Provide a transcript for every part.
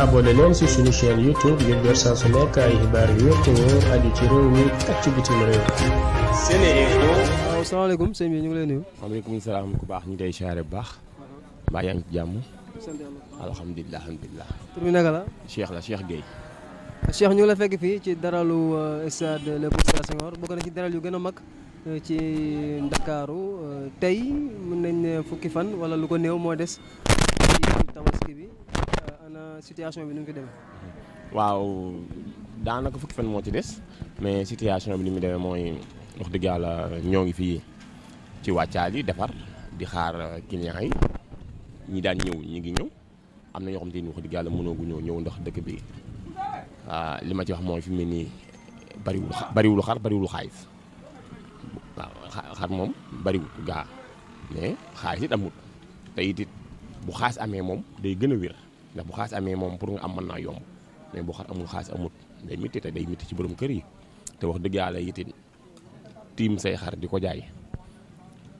abonné leen ci suñu chaîne YouTube ngir jot saa su nekk ay xibaar yu wér te wóor aju ci réew mi ak ci bitim waaw salaamaaleykum sëñ bi ñu ngi lay nuyu. maaleykum salaam ku baax ñu day siyaare bu baax. mbaa yaa ngi ci jàmm. alhamdulilah alhamdulilah. bi naka la. Cheikh la Cheikh Gueye. Cheikh ñu ngi la fekk fii ci daralu euh, stade Léopold Sédar Senghor bokk na ci daral yu gën a mag. Euh, ci Ndakaaru euh, tey mën nañ ne fukki fan wala lu ko néew moo des tabaski bi. ana situation bi nu mu fi demee. waaw daanaka fukki fan moo ci des mais situation bi ni mu demee mooy wax dëgg yàlla ñoo ngi fii ci wàccaal yi defar di xaar clients yi ñi daan ñëw ñi ngi ñëw am na ñoo xam te ni wax dëgg mënoo gu ñëw ñëw ndox dëkk bi ah, li ma ci wax mooy fi mu nii bariwul bariwul xar bariwul xaalis waaw xar moom bariwul gaa mais xaalis it amul te it bu xaas amee moom day gën a wér. ndax bu moom pour nga am mën naa yomb mais bu xaas amul xaas amut day métti te day métti ci borom kër yi te wax dëgg say xar di ko jaay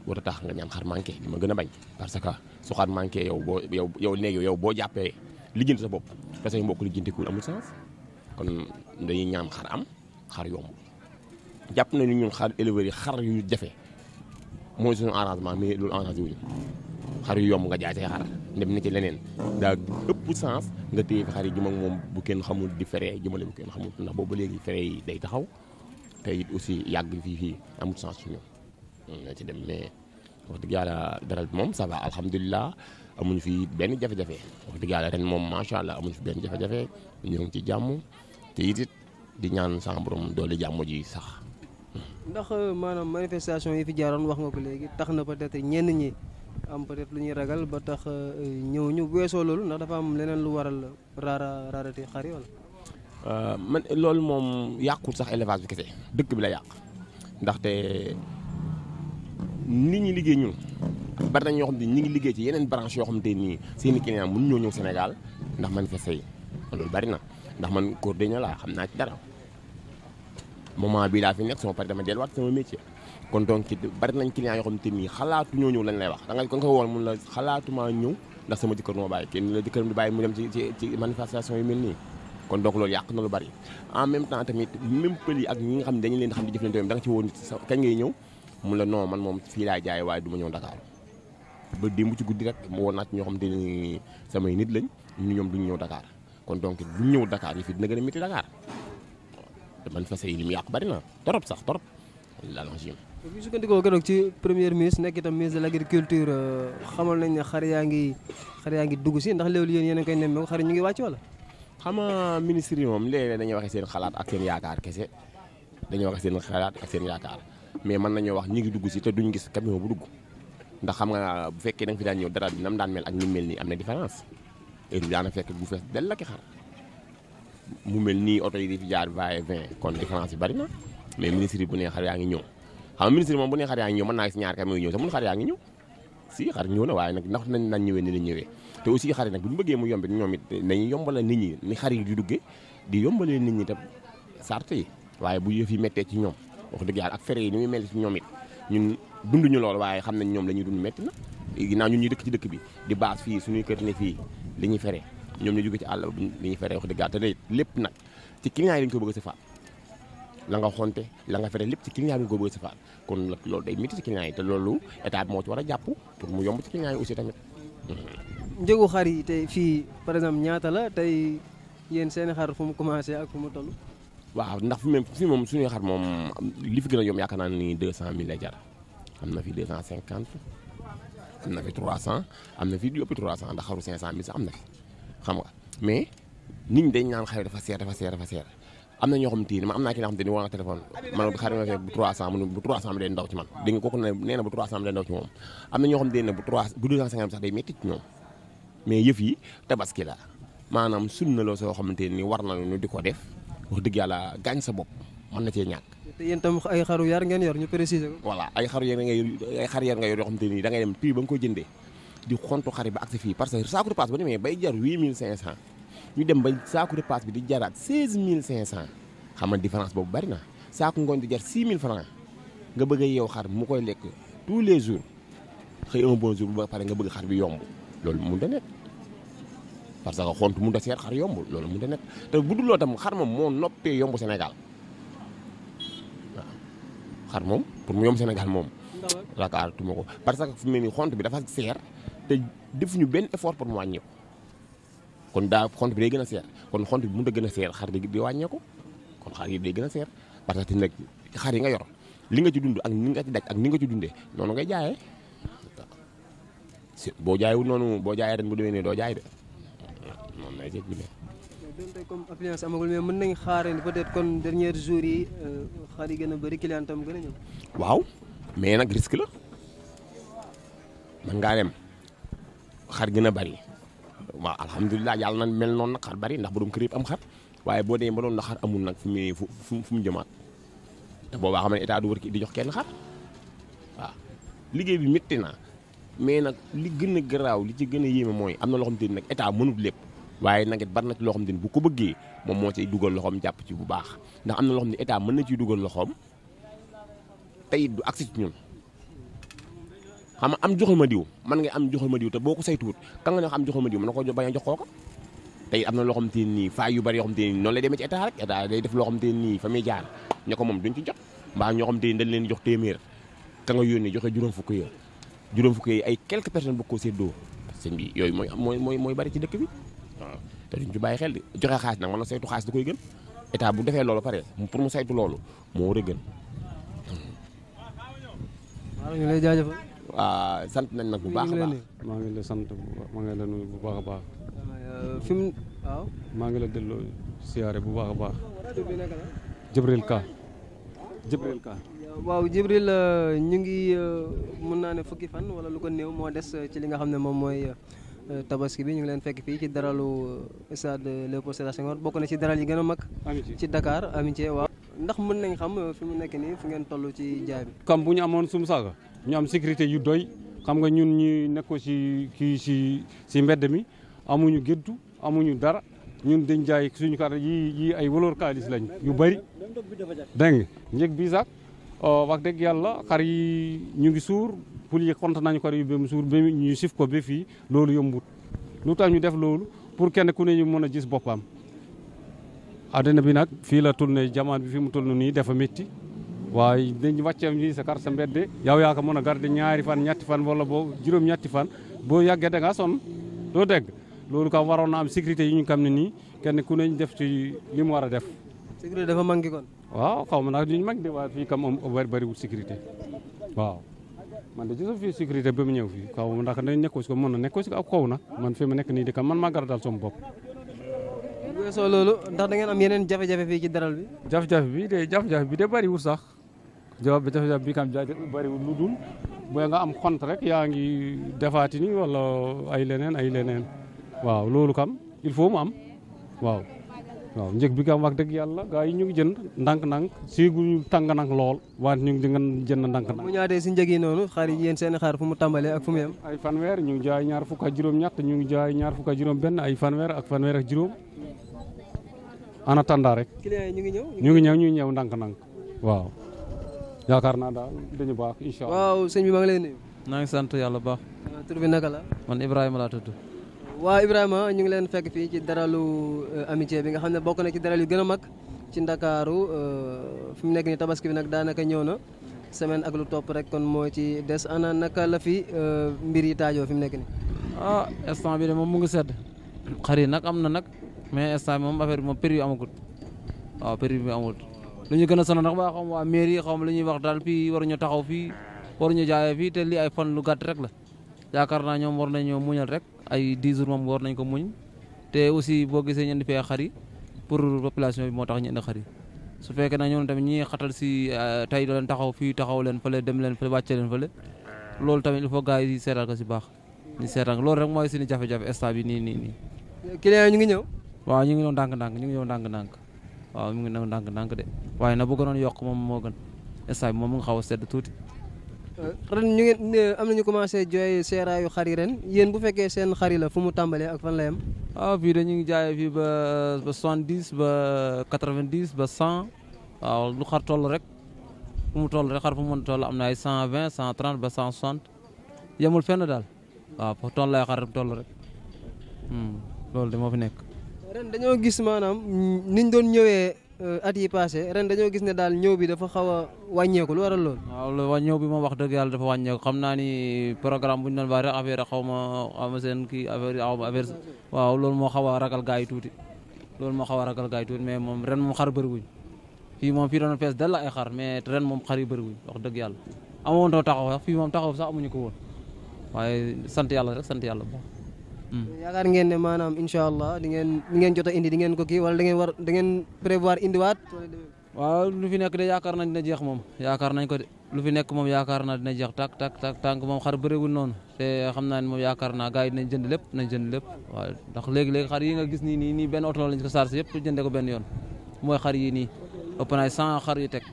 war a tax nga ñaan xar manqué li ma gën a bañ. parce que su xar yow boo yow yow léegi yow boo jàppee lijjanti sa bopp te say mbokk lijjantikuwul amul sens kon dañuy ñaan xar am xar yomb jàpp nañu ñun xar éleveurs yi xar yu jafe mooy suñu enrangement mais loolu arrangé wuñu xar yu yomb nga jaay say xar dem na ci leneen daa ëpp sens nga téye fi xar yi moom bu kenn xamul di fere jëmale bu kenn xamul ndax boobu léegi fere yi day taxaw te it aussi yàgg fii fii amul sens ci ñoom noonu la ci dem mais wax dëgg yàlla daral bi moom ça alhamdulilah amuñu fi benn jafe-jafe wax dëgg yàlla moom macha allah amuñu fi benn jafe-jafe ñu ngi ci jàmm te it di ñaan sama borom doole jàmm ji sax. ndax maanaam manifestation yi fi jaaroon wax nga ko léegi tax na peut ñenn ñi. am peut être lu ñuy ragal ba tax euh, ñëw ñu weesoo loolu ndax dafa am leneen lu waral raara raarati xar euh, man loolu moom yàqul sax élevage bi kese dëkk bi la yàq ndaxte nit ñi liggéey ñun bari na ñoo xam ne ñu liggéey ci yeneen branche yoo xam te nii seen i client mën ñoo ñëw Sénégal ndax manifester yi loolu bari na ndax man coordonné laa xam naa ci dara moment bii laa fi nekk sama pare dama delluwaat sama métier. kon donc bari nañ client yoo xam te ni xalaatu ñoo ñëw lañ lay wax da nga ko nga woon mun la xalaatuma ñëw ndax sama jëkkër moo bàyyi kenn la jëkkëram di bàyyi mu dem ci ci ci nii kon donc loolu yàq na lu bari en même temps tamit même ak ñi nga xam ne dañu leen xam di jëflante da nga ci woon kañ ngay ñëw mun la non man moom fii laay jaay waaye duma ma ñëw Dakar ba mu ci guddi rek mu woo naat ñoo xam te nii samay nit lañ ñu ñoom duñu ñëw Dakar kon donc duñ ñëw Dakar yi fi dina gën a métti Dakar man fa say li mu yàq bari na torop sax torop l'allongement. bu ñu sukkandikoo keroog ci premier ministre nekk itam ministre de l' agriculture euh, nañ ne xar yaa ngi xar yaa ngi dugg si ndax léegi yéen yéen a koy nemmeeku xar ñu ngi wàcc wala. xam nga ministre yi moom léeg-léeg waxe seen xalaat ak seen yaakaar kese dañuy waxe seen xalaat ak seen yaakaar mais mën nañoo wax ñi ngi dugg si te duñ gis camion bu dugg ndax xam nga bu fekkee da nga fi daan ñëw dara bi nam daan mel ak ni mu mel nii am na différence heure daana fekk bu fees dell ak xar mu mel nii oto yi di fi jaar vaillé vingt kon différence bari na mais ministre yi bu nee xar yaa ngi ñëw xam nga ministre yi moom bu nee naa gis ñaar ka muy ñëw te mun ngi ñëw na waaye nag ndax nañ nañ ñëwee ni nañ ñëwee te aussi xar yi nag bu ñu bëggee mu yomb it ñoom it nañu yombala nit ñi ni xar yi di duggee di yombalee nit ñi tam sart yi waaye bu yëf yi méttee ci ñoom wax dëgg yàlla ak fere yi ni muy mel si ñoom it ñun ñu lool waaye xam nañ ñoom la ñuy dund métti na naa ñun ñuy dëkk ci dëkk bi di baas fii suñuy kër ne fii li ñuy fere ñoom ñu jóge ci àll li ñuy fere wax dëgg yàlla te lépp nag la nga xonte la nga fere lépp ci client bi nga ko bëgg safaal kon loolu day métti ci client yi te loolu état bi moo ci war a jàpp pour mu yomb ci client yi aussi tamit. njëgu xar yi tey fii par exemple ñaata la tey yéen seen xar fu mu commencé ak fu mu toll. waaw ndax fi même fii moom suñuy xar moom li fi gën a yomb yaakaar naa ni deux cent mille la am na fi deux cent cinquante am na fi trois cent am na fi lu ëpp trois cent ndax xaru cinq cent mille sax am na fi xam nga mais nit ñi dañ naan xar dafa seer dafa seer dafa seer. am na ñoo xam ne man am naa ki nga xam te ni woo na téléphone man bu 300 mu bu ndaw ci man dégg kooku ne bu 300 am xam ne bu sax day métti ci ñoom mais yëf yi tabaski la maanaam sunna loo soo xamante ni war na ñu di ko def wax dëgg yàlla gaañ sa bopp mën na cee ñàkk te ba nga ko jëndee di xontu xari ba ak fii parce que saako repas ba demee bay jar 8500 ñu dem ba saaku repasse bi di jaraat seize mille cinq cent xam nga différence boobu bari na saaku ngooñ di jar six mille francs nga bëgg a yeew xar mu koy lekk tous les jours xëy un bon jour ba pare nga bëgg xar bi yombu loolu mun da nekk parce que xont mun da seet xar yomb loolu mun da nekk te bu dul loo tam xar moom moo noppee yomb Sénégal waaw xar moom pour mu yomb Sénégal moom yaakaar tuma ko parce que fu mu ne nii xont bi dafa seer te defuñu benn effort pour mu wàññi ko kon daa xont bi day gën a seer kon xont bi mun a gën a seer xar di wàññeeku kon xar yi gën a seer parce nag xar yi nga yor li nga ci dund ak ni nga ci ak ni nga ci dundee noonu ngay jaayee boo jaayewul noonu boo jaayee ren bu demee ne doo jaay de noonu nay seet dundee. donc comme affluence mën nañ xaarandi peut-être kon dernier jour yi euh, xar yi gën a bëri client am gën a nag risque la man ngaa dem xar gën a bari waaw alhamdulilah yàlla na mel noon nag xar bari ndax borom kër yëpp am xar waaye boo dee ba doon xar amul nag fu muy fu fu mu jëmaat te boobaa xam ne état du war di jox kenn xar waaw liggéey bi métti na mais nag li gën a garaaw li ci gën a yéeme mooy am na loxom xam te nag état mënut lépp waaye nag it bari na ci loo xam te bu ko bëggee moom moo ciy dugal loxoom jàpp ci bu baax ndax am na loo xam ne état mën na ciy dugal loxoom te it du agsi ci ñun xam nga am joxul ma diw man nga am joxul te boo ko saytuwut kan nga ne wax am joxul ma koo bañ a jox kooka tey am na loo xamante nii faa yu bëri yoo xamante nii noonu lay demee ci état rek day def loo xamante nii fa jaar ña ko moom duñ ci jot mbaa ñoo xamante ni dañ jox téeméer ka nga yónnee joxe juróom fukk ya juróom fukk yi ay quelques personnes bu ko séddoo sëñ yooyu mooy mooy mooy mooy bëri ci dëkk bi waaw te duñ ci bàyyi xel di joxe xaalis nag mën na saytu xaalis da koy gën état bu defee loolu pare pour mu saytu loolu moo war a gën Euh, sant nañ nag bu baax a baax maa sant maa ngi la nuyu bu baax a baax euh, fi mu waaw maa ngi la delloo siyaare bu baax a baax Jibril Ka Jibril Ka waaw Jibril euh, ñu ngi mën naa ne fukki fan wala lu ko néew moo des ci li nga xam ne moom mooy tabaski bi ñu ngi leen fekk fii ci daralu stade Léopold Sédar Senghor bokk na ci daral yi gën a mag ci Dakar amitié waaw ndax mën nañ xam fi mu nekk nii fi ngeen toll ci jaay bi kam bu ñu amoon sum saaga ñoom am yu doy xam nga ñun ñi nekkoo si kii si si mbedd mi amuñu géddu amuñu dara ñun dañ jaay suñu carte yi yi ay waloor kaalis lañ yu bëri dégg nga njëg bi sax euh, wax dëgg yàlla xar yi ñu ngi suur pul yi kont nañu yu ba mu suur ba ñu sif ko ba fii loolu yombut lu tax ñu def loolu pour kenn ku ne ñu mën a gis boppam àddina bi nag fii la tourné jamono bi fi mu toll nii dafa métti waaye dañ wàcceem ni sa carte sa mbedd yow yaa ko mën a garder ñaari fan ñetti fan wala boo juróom-ñetti fan boo yàggee da soon sonn doo dégg loolu kam waroon na am sécurité yi ñu xam ne nii kenn ku neñ def ci li mu war a def sécurité man manqué kon waaw xaw ma nag duñu mag de waaye fii kam am bëriwul sécurité waaw man de gisoo fii sécurité ba mu ñëw fii xaw ma ndax dañ nekkoo si ko mën na nekkoo si ko ak kaw na man fi ma nekk nii di kam man maa garadal sama bopp bu soo loolu ndax da yeneen jafe-jafe fii ci bi jafe-jafe bi bi de bëriwul sax jawaab bi jafe-jafe bi kam jaajëf bëriwul lu dul booy nga am xont rek yaa ngi defaati ni wala ay leneen ay leneen waaw loolu kam il faut mu am waaw. waaw njëg bi kam wax dëgg yàlla gaa yi ñu ngi jënd ndànk-ndànk séeguñu tàng nag lool wante ñu ngi jënd ndànk-ndànk. mu ñaatee si njëg yi noonu xar yi yéen seen xar fu mu tàmbalee ak fu mu yem. ay fanweer ñu ngi jaay ñaar fukk ak juróom-ñett ñu ngi jaay ñaar fukk ak juróom-benn ay fanweer ak fanweer ak juróom ana tàndaa rek. yi ñu ngi ñëw ñu ngi ñëw ñu ngi ndànk-ndànk waaw yaakaar naa daal dañu baax waaw sëñ bi maa ngi lay naa ngi sant yàlla baax. Ah, tur bi naka la. man Ibrahima laa tudd. waaw Ibrahima ñu ngi leen fekk fii ci dara daralu euh, amitié bi nga xam ne bokk na ci daral yu gën mag ci ndakaaru euh, fi mu nekk nii tabaski bi nag daanaka ñëw na semaine ak lu topp rek kon moo ci des ana naka la fi euh, mbir yi taajoo fi mu nekk nii. ah instant bi de moom mu ngi sedd xar yi nag am na nag mais instant moom affaire bi moom prix amagut lu ñu gën a sonal ndax ba xaw ma waa mairie xaw ma lu ñuy wax daal fii waruñu taxaw fii waruñu jaayee fii te lii ay fan lu gàtt rek la yaakaar naa ñoom war nañoo muñal rek ay di jours moom war nañ ko muñ te aussi boo gisee ñu indi fee xar yi pour population bi moo tax ñu indi xar yi su fekkee nag ñoom tamit ñi xatal si euh, tey doo leen taxaw fii taxaw leen fële dem leen fële wàcce leen fële loolu tamit il faut gars yi seetal ko si baax ñu seetal loolu rek mooy suñu jafe-jafe bi nii nii nii. ngi ñëw. waaw ñu ngi ñëw ndànk-ndànk ñu ngi ñëw ndànk-ndànk waaw mu ngi new ndànk ndànk de waaye na bu gënoon yokk moom moo gën instant bi moom mu ngi xaw a sedd tuuti euh, ren ñu ngeen euh, am nañu commencé jooy seeraayu xar yi ren yéen bu fekkee seen xar la fu mu tàmbalee ak fan la yem waaw ah, fii dañu ngi jaayee fii ba ba soixante-dix ba quatre-vingt-dix ba cent waaw lu xar toll rek fu mu toll rek xar fu mu mën toll am na ay cent vingt cent trente ba cent soixante yemul fenn daal waaw foofu xar toll rek hmm, loolu de fi nekk ren dañoo gis maanaam niñ doon ñëwee euh, at yi passé ren dañoo gis ne daal ñëw bi dafa xaw a wàññeeku lu waral lool. waaw ñëw bi moom wax dëgg yàlla dafa wàññeeku xam naa ni programme bu ñu doon baax rek affaire xaw ma xaw ma seen ki affaire xaw ma affaire waaw xaw a ragal gaa yi tuuti loolu moo xaw a ragal gaa yi mais moom ren moom xar bëriwuñ fii moom fii doon fees dal ay xar mais ren moom xar yi bëriwuñ wax dëgg yàlla amoon taxaw sax moom taxaw sax amuñu ko woon waaye sant yàlla rek sant yàlla bu yaakaar ngeen ne maanaam incha allah di ngeen a indi di ngeen ko kii wala da prévoir indiwaat. waaw lu nekk de yaakaar nañ dina jeex moom yaakaar nañ ko de fi nekk moom yaakaar naa dina jeex tak tak tak tànk moom xar bëriwul noonu te xam naa ne moom yaakaar naa gars yi dinañ jënd lépp dinañ jënd lépp waaw ndax léegi-léegi xar yi nga gis nii nii nii benn oto lañ ko chargé yëpp jënde ko benn yoon mooy xar yi nii ëpp naay cent xar yu teg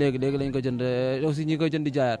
léegi-léegi lañ ko jënd eh, aussi ñi jënd jaayaat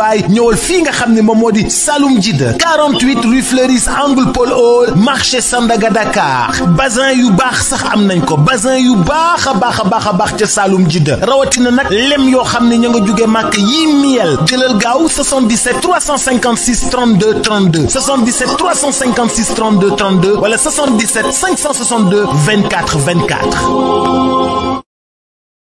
mbaay ñëwal fii nga xam ne moom moo di saalum Jide 48 rue Fleuris angle Paul Hall marché Sandaga Dakar bazin yu baax sax am nañ ko basin yu baax a baax a baax a baax ca Saloum Jide rawatina nag lem yoo xam ne ña nga jóge màkk yii miel jëlal gaaw 77 356 32 32 77 356 32 32 wala 77 562 24 24